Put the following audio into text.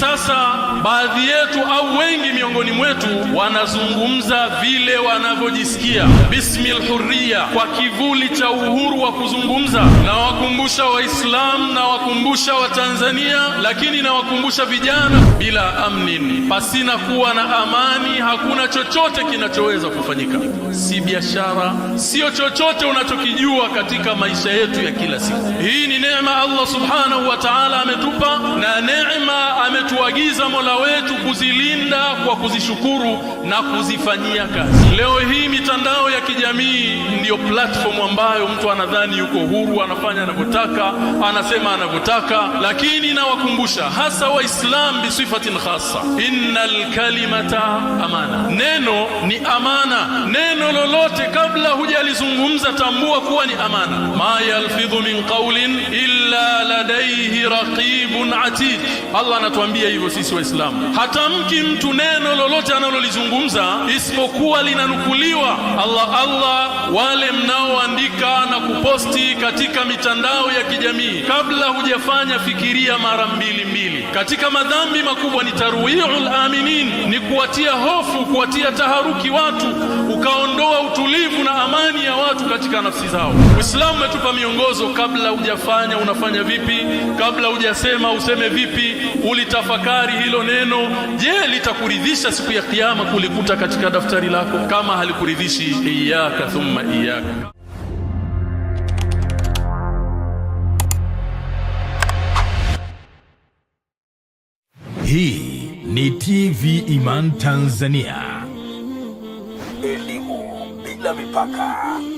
sasa baadhi yetu au wengi miongoni mwetu wanazungumza vile wanavyojisikia, bismil hurriya, kwa kivuli cha uhuru wa kuzungumza. Na wakumbusha Waislamu na wakumbusha Watanzania, lakini na wakumbusha vijana, bila amnin, pasina kuwa na amani hakuna chochote kinachoweza kufanyika, si biashara, sio chochote unachokijua katika maisha yetu ya kila siku. Hii ni neema Allah subhanahu wa ta'ala ametupa na neema ametupa anatuagiza Mola wetu kuzilinda kwa kuzishukuru na kuzifanyia kazi. Leo hii mitandao ya kijamii ndiyo platform ambayo mtu anadhani yuko huru, anafanya anavyotaka, anasema anavyotaka, lakini nawakumbusha hasa Waislam bisifatin khassa, innal kalimata amana, neno ni amana. Neno lolote kabla hujalizungumza tambua kuwa ni amana. ma yalfidhu min qawlin illa ladayhi raqibun atid. Allah anatuambia hivyo sisi Waislamu, hatamki mtu neno lolote analolizungumza isipokuwa linanukuliwa. Allah Allah, wale mnaoandika na kuposti katika mitandao ya kijamii, kabla hujafanya fikiria mara mbili mbili. Katika madhambi makubwa ni tarwiul aminin, ni kuwatia hofu, kuwatia taharuki watu, ukaondoa utulivu watu katika nafsi zao. Uislamu umetupa miongozo, kabla hujafanya unafanya vipi, kabla hujasema useme vipi, ulitafakari hilo neno. Je, litakuridhisha siku ya Kiyama kulikuta katika daftari lako? Kama halikuridhishi, iyyaka thumma iyyaka. Hii ni TV Iman Tanzania. Elimu bila mipaka.